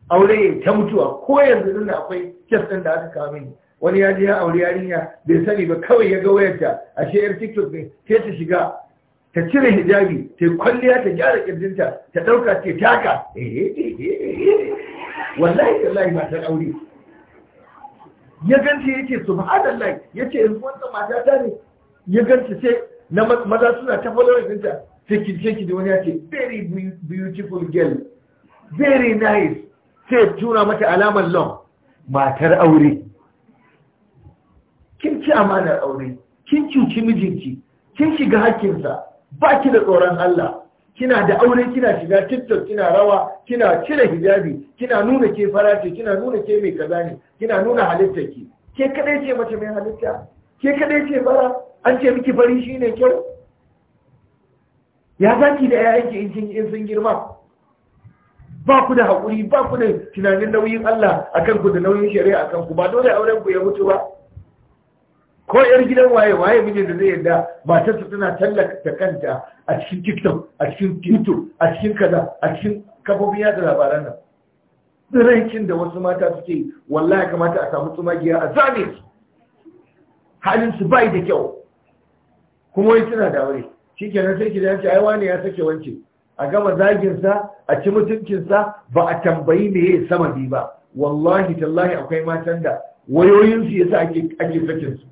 aure ta mutuwa ko yanzu nuna akwai kes ɗin da aka kawo mini wani ya je ya auri yarinya bai sani ba kawai ya ga wayarta ashe yar tiktok ne sai ta shiga ta cire hijabi ta kwalliya ta gyara kirjinta ta dauka ta taka eh, wallahi wallahi matar aure ya ganta yake subhanallah yace in wannan mata ta ne ya ganta sai na maza suna ta da ɗinta sai ki ce ki da wani ya ce very beautiful girl very nice sai tura mata alamar long matar aure ci amanar aure kin cuci mijinki kin shiga hakkinsa ba ki da tsoron Allah kina da aure kina shiga tiktok kina rawa kina cire hijabi kina nuna ke farace kina nuna ke mai kaza ne kina nuna halitta ki ke kadai ce mace mai halitta ke kadai ce bara an ce miki fari shi ne kyau ya zaki da yayanki in sun girma ba ku da haƙuri ba ku da tunanin nauyin Allah a kanku da nauyin shari'a a kanku ba dole auren ku ya mutu ba ko yar gidan waye waye mijin da zai yarda matarsa tana tallata kanta a cikin tiktok a cikin twitter a cikin kaza a cikin kafofin yada labaran nan tsirancin da wasu mata suke wallahi kamata a samu tsumagiya a zane su halin su bai da kyau kuma wai suna da aure kenan sai kidan yace, ai ne ya sake wance a gama zagin sa a ci mutuncin sa ba a tambayi me yayi sama bi ba wallahi tallahi akwai matan da wayoyin su yasa ake ake sakin su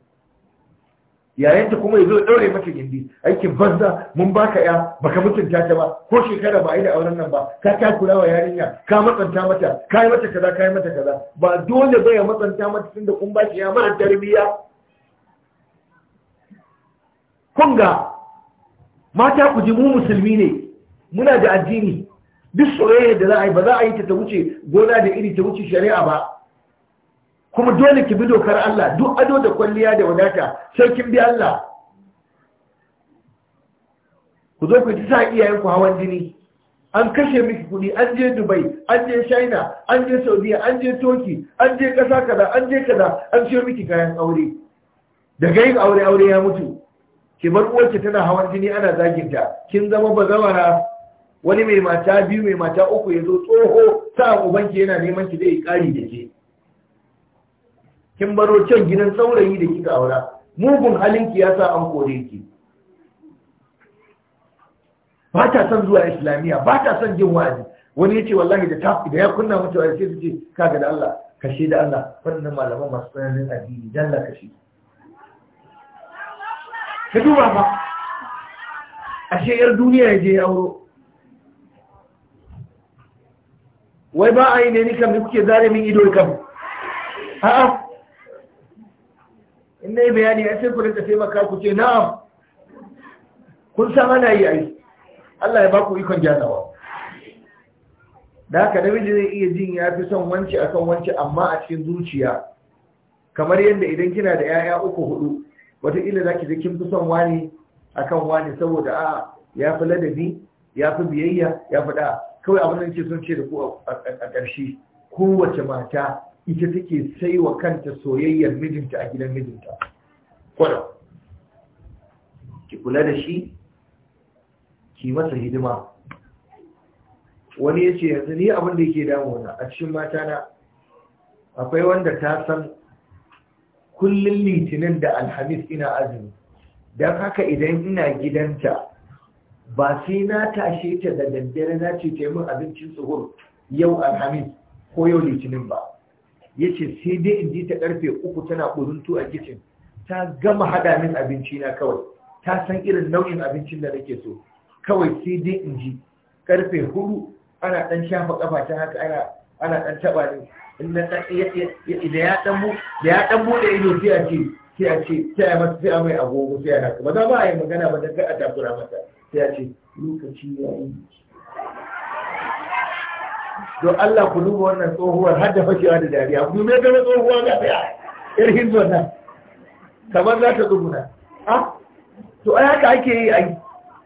yayin ta kuma yazo daure mata gindi aikin banza mun baka ya baka mutunta ta ba ko shekara ba da auren nan ba ka ta kula wa yarinya ka matsanta mata ka yi mata kaza ka yi mata kaza ba dole ba ya matsanta mata tunda kun ba shi ya mara tarbiyya kun ga mata ku ji mu musulmi ne muna da addini duk soyayya da za a yi ba za a yi ta ta wuce gona da iri ta wuce shari'a ba kuma dole ki bi dokar Allah duk ado da kwalliya da wadata sai kin bi Allah ku zo ku ji sa iyayenku hawan jini an kashe miki kuɗi an je dubai an je china an je saudiya an je toki an je ƙasa kaza an je kaza an siyo miki kayan aure daga yin aure aure ya mutu ki bar uwarki tana hawan jini ana zagin ta kin zama bazawara wani mai mata biyu mai mata uku ya zo tsoho sa ubanki yana neman ki zai kari da ke kin baro can gidan saurayi da kika aura mugun halinki ya sa an kore ki ba ta son zuwa islamiyya ba ta son jin wa'azi wani ya ce wallahi da ta da ya kunna mata wa'azi sai su ce kaga da Allah kashe da Allah wannan malaman masu tsananin addini la kashe ka duba ba ashe yar duniya ya je auro wai ba a yi ne ni kam kuke zare min ido kam a'a in na yi bayani ya sai ku rinka taimaka ku ce na'am kun sama na yi ai Allah ya baku ikon janawa da haka namiji zai iya jin ya fi son wance akan wance amma a cikin zuciya kamar yadda idan kina da 'ya'ya uku hudu wataƙila za ki je kin fi son wani akan wani saboda a ya fi ladabi ya fi biyayya ya fi da'a kawai abin da ce sun ce da ku a ƙarshe kowace mata ita take sai wa kanta soyayyar mijinta a gidan mijinta kwada ki kula da shi ki masa hidima wani ya ce yanzu ni abin da yake damuna a cikin matana akwai wanda ta san kullum litinin da alhamis ina azumi don haka idan ina gidanta ba sai na tashe ta da daddare na ce taimun abincin tsohon yau alhamis ko yau litinin ba yace sai dai in ji ta karfe uku tana ƙuruntu a kicin. ta gama hada min abinci na kawai ta san irin nau'in abincin da nake so kawai sai dai in ji karfe hudu ana ɗan shafa kafa ta haka ana ana taɓa taba ni in na da ya ɗan da ya bude ido sai a ce sai a ce sai a masa sai a mai agogo sai a haka ba za ba a yi magana ba dan kar a takura mata sai a ce lokaci ya yi don Allah ku duba wannan tsohuwar har da fashewa da dariya ku me ga tsohuwa ga daya ir hizo kamar za ta tsuguna ah to ai haka ake yi ai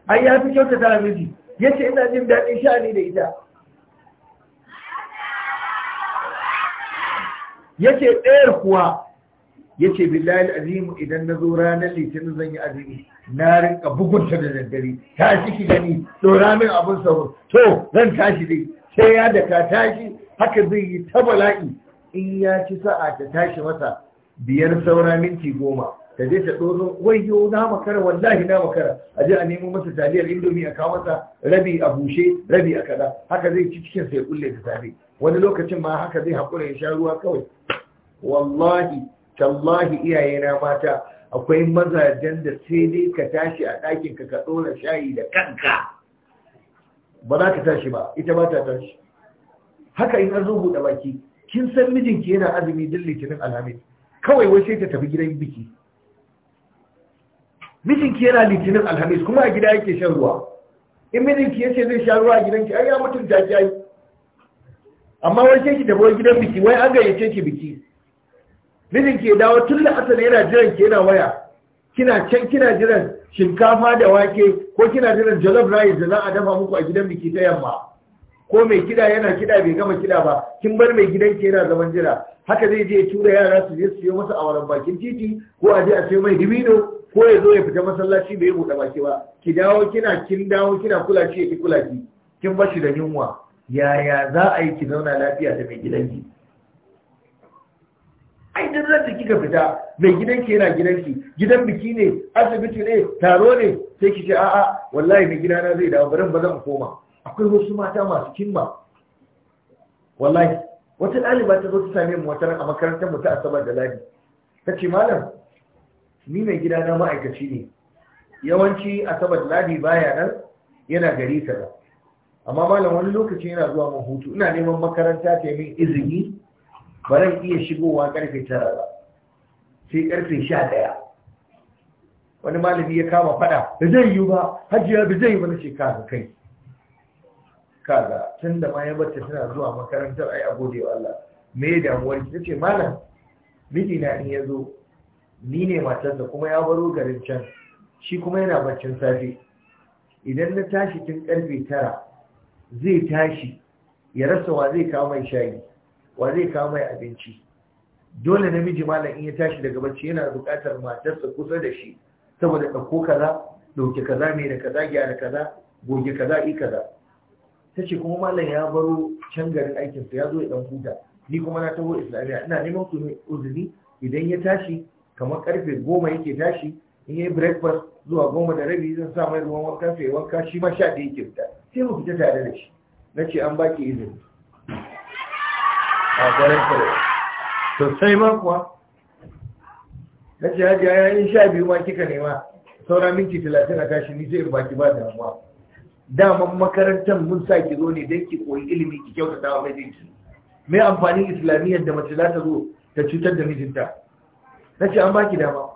ai ya fi kyauta ta miji yace ina jin daɗin sha'ani da ita yace ɗayar kuwa yace billahi alazim idan na zo ranar litinin zan yi azumi na rinka bugunta da daddare ta shi gani Ɗora min abun sabo to zan tashi dai sai ya da ta tashi haka zai yi ta bala'i in ya ci sa'a ta tashi masa biyar saura minti goma ta je ta ɗoro wayo na makara wallahi na makara a je a nemo masa taliyar indomi a kawo masa rabi a bushe rabi a kada. haka zai ci cikin sai kulle da tare wani lokacin ma haka zai haƙura ya sha ruwa kawai wallahi tallahi iyayena mata akwai mazajen da sai dai ka tashi a ɗakin ka ka ɗora shayi da kanka ba za ka tashi ba ita ba ta tashi haka in an zo buɗe baki kin san mijinki yana azumi din litinin alhamis kawai wai sai ta tafi gidan biki mijinki yana litinin alhamis kuma a gida yake shan ruwa in mijinki ya ce zai sha ruwa a gidanki ai ya mutum, ta ai amma wai sai ki tafi gidan biki wai an gayyace ki biki mijinki ya dawo tun da asali yana jiran ki yana waya kina can kina jiran shinkafa da wake ko kina jiran jollof rice da za a dafa muku a gidan biki ta yamma ko mai kida yana kida bai gama kida ba kin bar mai gidan ki yana zaman jira haka zai je ya tura yara su je su yi masa a auren bakin titi ko a je a sayo mai dibino ko ya zo ya fita masallaci bai buɗe baki ba ki dawo kina kin dawo kina kula ki kula ki kin bashi da yunwa yaya za a yi ki zauna lafiya da mai gidan ki? ai duk da kika fita mai gidanki yana gidanki gidan biki ne asibiti ne taro ne sai ki ce a'a wallahi mai gidana zai dawo bari ba zan koma akwai wasu mata masu kimma wallahi wata ɗaliba ta zo ta same mu wata a makarantar mu ta asabar da ladi ta ce malam ni mai gidana ma'aikaci ne yawanci asabar da ladi baya nan yana gari ta amma malam wani lokaci yana zuwa mun hutu ina neman makaranta ta yi min izini ba zan iya shigowa karfe tara ba sai karfe sha ɗaya wani malami ya kama fada da zai yi ba hajiya da zai yi wani shekara kai kaga tun da mayan bacci suna zuwa makarantar ai a wa Allah me damuwar ta ce malam miji na in ya zo ni ne matarsa kuma ya baro garin can shi kuma yana baccin safe idan na tashi tun karfe tara zai tashi ya rasa wa zai kawo mai shayi wa zai kawo mai abinci dole namiji malam in ya tashi daga bacci yana buƙatar matarsa kusa da shi saboda ɗauko kaza ɗauke kaza mai da kaza gyara kaza goge kaza i kaza ta ce kuma malam ya baro can garin aikinsa ya zo ya ɗan huta ni kuma na taho islamiyya ina neman ku uzuri idan ya tashi kamar karfe goma yake tashi in yi breakfast zuwa goma da rabi zan sa mai ruwan wanka sai wanka shi ma sha da yake fita sai mu fita tare da shi na ce an baki izini a sosai ma kuwa na ce hajji a yayin sha biyu ma kika nema saura minti talatin a kashi ni zai baki ba da damuwa daman makarantar mun sa ki zo ne don ki koyi ilimi ki kyautata wa mai amfanin islamiyyar da mace za ta zo ta cutar da mijinta na ce an baki dama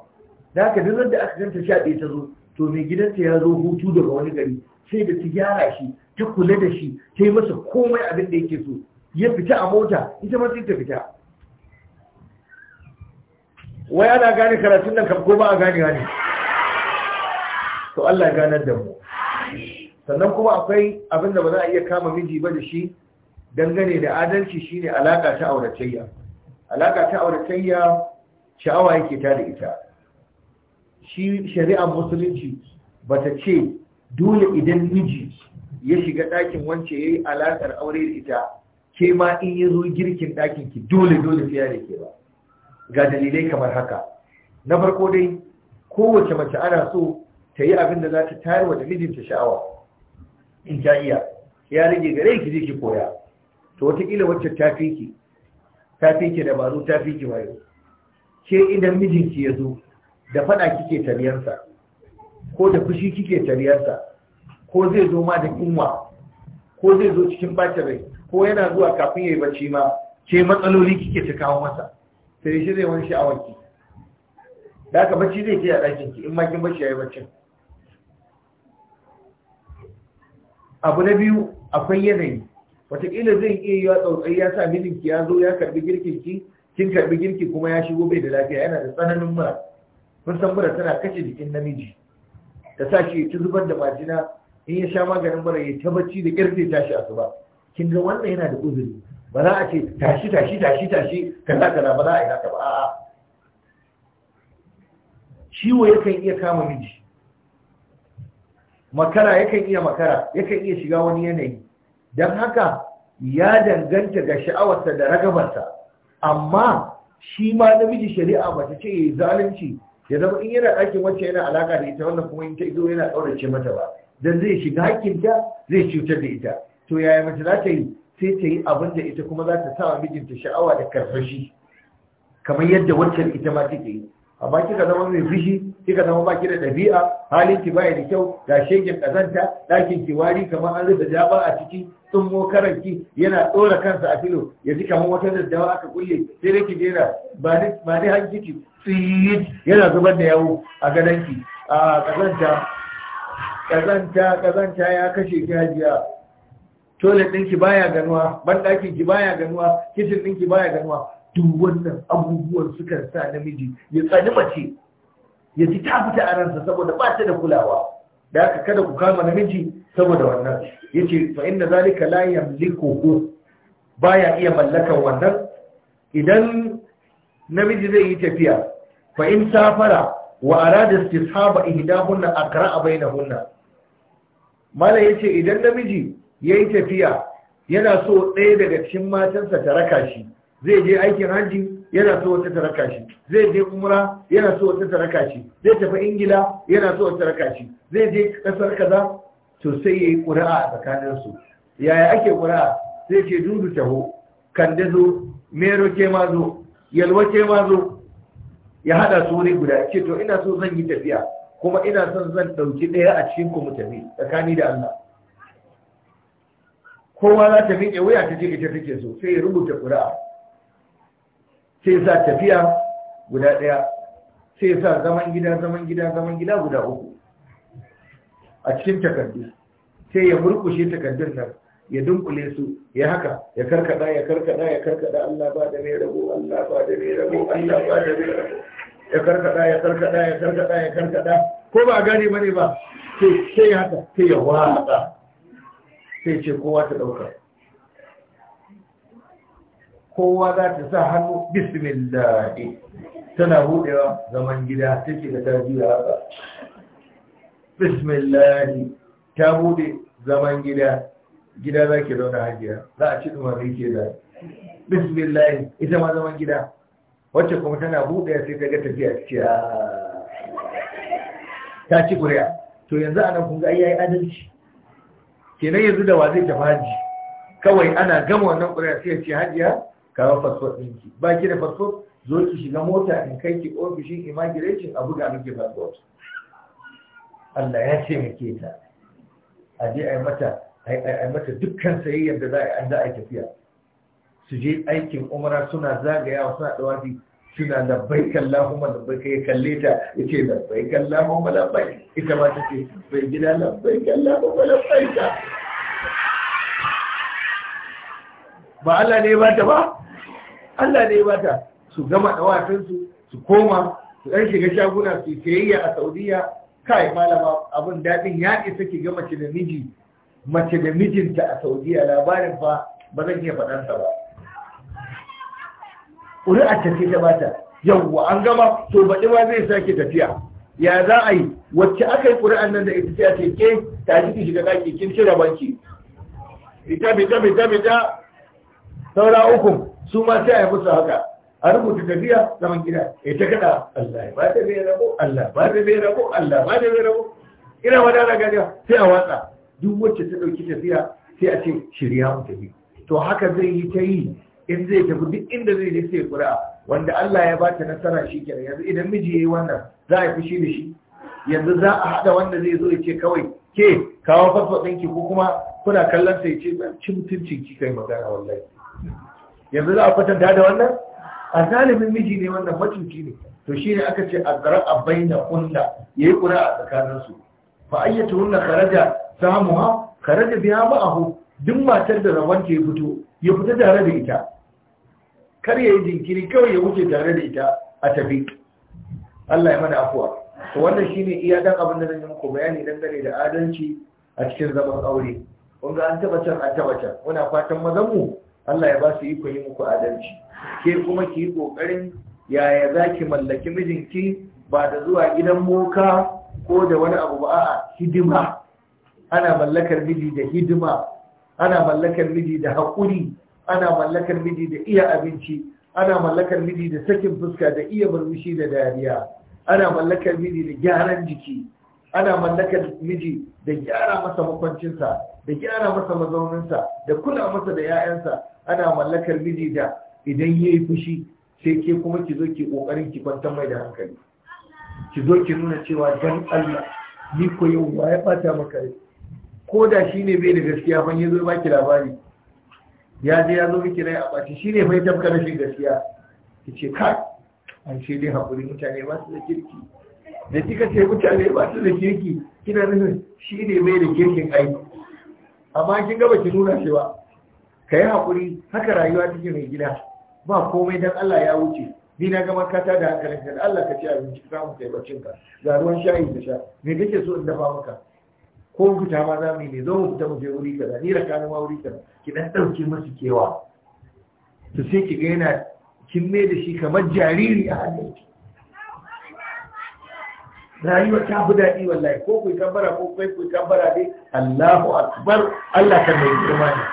da haka duk da aka ganta sha ɗaya ta zo to mai gidanta ya zo hutu daga wani gari sai da ta gyara shi ta kula da shi ta yi masa komai abin da yake so ya fita a mota ita ma ta fita wai ana gane karatun nan ko ba a gane gane to Allah ganar da mu sannan kuma akwai abin da ba za a iya kama miji ba da shi dangane da adalci shine alaka ta auratayya alaka ta auratayya sha'awa yake ta da ita shi shari'ar musulunci ba ta ce dole idan miji ya shiga ɗakin wance ya yi alakar aure da ita ke ma in yi zo girkin ɗakin ki dole dole fiya da ke ba ga dalilai kamar haka na farko dai kowace mace ana so ta yi abin da za ta tayar wa da mijinta sha'awa in ta iya ya rage gare ki je ki koya to wataƙila wacce ta fi ki ta fi ki dabaru ta fi ki ba ke idan mijinki ya zo da faɗa kike tariyarsa ko da fushi kike tariyarsa ko zai zo ma da kunwa ko zai zo cikin bacin rai ko yana zuwa kafin ya yi bacci ma ke matsaloli kike ta kawo masa sai shi zai wani sha'awar ki da aka bacci zai ke a ɗakin ki in ma kin bacci ya yi baccin abu na biyu akwai yanayi wataƙila zai iya yi wa tsautsayi ya sa ki ya zo ya karbi girkin ki kin karbi girki kuma ya shigo bai da lafiya yana da tsananin mura kun san mura tana kashe jikin namiji ta sa shi ta zubar da majina in ya sha maganin mura ya ta bacci da ƙarfe tashi asuba kin ga wannan yana da uzuri ba za a ce tashi tashi tashi tashi kaza kaza ba za a yi haka ba a'a ciwo yakan iya kama miji makara yakan iya makara yakan iya shiga wani yanayi don haka ya danganta ga sha'awarsa da ragabarsa amma shi ma namiji shari'a ba ta ce ya yi zalunci ya zama in yana ɗakin wacce yana alaƙa da ita wannan kuma in ta ido yana ɗaurace mata ba don zai shiga hakkinta zai cutar da ita to yaya mace za ta yi sai ta yi abin da ita kuma za ta sa mijinta sha'awa da karfashi kamar yadda wancan ita ma take yi amma kika zama mai fushi kika zama baki da ɗabi'a halin ki baya da kyau ga shegin ƙazanta ɗakin ki wari kamar an rufe jaba a ciki tsummo karanki yana ɗora kansa a filo ya ji kamar wata daddawa aka kulle sai dai ki jera ba ni ba ni yana zubar da yawo a gadonki a ƙazanta ƙazanta ƙazanta ya kashe ki hajiya toilet ɗinki baya ganuwa banɗakin ki baya ganuwa kitchen ɗinki baya ganuwa duk wannan abubuwan sukan sa namiji ya tsani mace ya ji ta fita a ransa saboda ba ta da kulawa da aka kada ku kama namiji saboda wannan Ya ce fa ya zalika la Ba baya iya mallakan wannan idan namiji zai yi tafiya fa in safara wa arada istishaba ihdahunna aqra'a bainahunna mala yace idan namiji ya yi tafiya yana so ɗaya daga cikin matansa ta raka shi zai je aikin hajji yana so wata ta raka shi zai je umra yana so wata ta raka shi zai tafi ingila yana so wata ta raka shi zai je ƙasar kaza to sai yayi ƙuri'a a tsakanin yaya ake ƙuri'a sai ce dudu taho kande zo mero ke ma zo yalwa ke ma zo ya hada su guda ce to ina so zan yi tafiya kuma ina son zan ɗauki ɗaya a cikin ku mu tafi tsakani da Allah kowa za ta miƙe wuya ta je ita take so sai ya rubuta ƙura'a sai sa tafiya guda ɗaya sai sa zaman gida zaman gida zaman gida guda uku a cikin takardu sai ya murkushe takardun nan ya dunkule su ya haka ya karkada ya karkada ya karkada Allah ba da mai rabo Allah ba da mai rabo Allah ba da mai rabo ya karkada ya karkada ya karkada ya karkada ko ba gane bane ba sai sai haka sai ya waka sai ce kowa ta ɗauka kowa za ta sa hannu bismillah tana hudewa zaman gida take da jira haka bismillah ta buɗe zaman gida gida za ke zauna hajiya za a ci tumari ke da bismillah ita ma zaman gida wacce kuma tana buɗe sai ta ga tafiya ciya ah. ta ci ƙuri'a to yanzu a nan kun ga adalci kenan yanzu da wa zai tafi hajji kawai ana gama wannan ƙuri'a sai ya ce hajiya kawo fasfot ɗinki ba ki da fasfot zo ki shiga mota in kai ki ofishin immigration a buga miki fasfot Allah ya ce ke ta a je a mata a mata dukkan sayayyar da za a an za a tafiya su je aikin umara suna zagayawa suna biyu suna labbai Allahumma labbai ya kalle ta yace labbai Allahumma labbai ita ma ce bai gida labbaika labbai ta. ba Allah ne ba ta ba Allah ne ba ta su gama dawatan su su koma su dan shiga shaguna su sayayya a Saudiya kai malama abin dadin ya isa ki ga mace da miji mace da mijinta a Saudiya labarin ba ba zan iya faɗansa ba ƙuri'ar tafi ta bata yawwa an gama to baɗi ma zai sake tafiya ya za a yi wacce aka yi ƙuri'an nan da ita ta ce ke ta ji ki shiga ɗaki kin cire banki ita bita bita bita saura uku su ma sai a yi musu haka a rubuta tafiya zaman gida ya ta kaɗa Allah ba ta bai rabo Allah ba ta bai rabo Allah ba ta bai rabo ina wadana gajiya sai a watsa duk wacce ta ɗauki tafiya sai a ce shirya mu tafi to haka zai yi ta yi in zai tafi duk inda zai je sai kura wanda Allah ya ba ta nasara shi kenan yanzu idan miji yayi wannan za a fushi da shi yanzu za a haɗa wanda zai zo ya ce kawai ke kawo fasfo ki ko kuma kuna kallon sai ce ci mutuncin ki kai magana wallahi yanzu za a kwatanta da wannan a zalimin miji ne wannan mutunci ne to shi ne aka ce a tsara a bayyana kunna ya yi ƙura a tsakaninsu fa ayyatu hunna kharaja samuwa kharaja biya ma'ahu duk matar da rabon ya fito ya fita tare da ita kar ya yi jinkiri kawai ya wuce tare da ita a tafi Allah ya mana afuwa to wannan shine iya dan abin da zan yi muku bayani gare da adalci a cikin zaman aure kun ga an taba can an taba can muna fatan mazan mu Allah ya ba su iko yi muku adalci ke kuma ki yi kokarin yaya zaki mallaki mijinki ba da zuwa gidan moka ko da wani abu ba a'a? hidima ana mallakar miji da hidima ana mallakar miji da haƙuri ana mallakar miji da iya abinci ana mallakar miji da sakin fuska da iya murmushi da dariya ana mallakar miji da gyaran jiki ana mallakar miji da gyara masa makwancinsa da gyara masa mazauninsa da kula masa da 'ya'yansa ana mallakar miji da idan ya yi fushi sai ke kuma ki zo ki ƙoƙarin ki kwantar mai da hankali ki zo ki nuna cewa 'Dan allah ni ko yau wa ya maka ko da shi ne bai da gaskiya ban ya zo ba ki labari ya je ya zo miki rai a ɓace. shi ne mai tamkar shi gaskiya ki ce kai an ce dai haƙuri mutane ba su da kirki da kika ce mutane ba su da kirki kina nufin shi ne mai da kirkin ai amma kin gaba ki nuna shi ba ka yi haƙuri haka rayuwa take mai gida ba komai dan Allah ya wuce ni na ga kata da hankalin ka da Allah ka ci abinci ka samu kai bacin ka ga ruwan shayi ka sha me kake so in dafa maka ko fita ma za mu yi ne zo mu fita mu je wuri kaza ni raka ni ma wuri kaza ki dan dauke musu kewa to sai ki ga yana kin me da shi kamar jariri a hannun ki rayuwa ta fi daɗi wallahi ko ku kambara ko kai ku kambara dai Allahu akbar Allah kan mai girma ne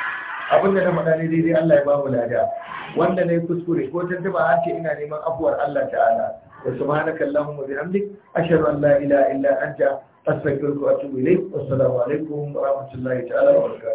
abin da na faɗa ne daidai Allah ya ba mu lada wanda ne kuskure ko tantaba an ce ina neman afuwar Allah ta'ala wa subhanaka allahumma bihamdik ashhadu an la ilaha illa anta astaghfiruka wa atubu ilayk wassalamu alaikum wa rahmatullahi ta'ala wa barakatuh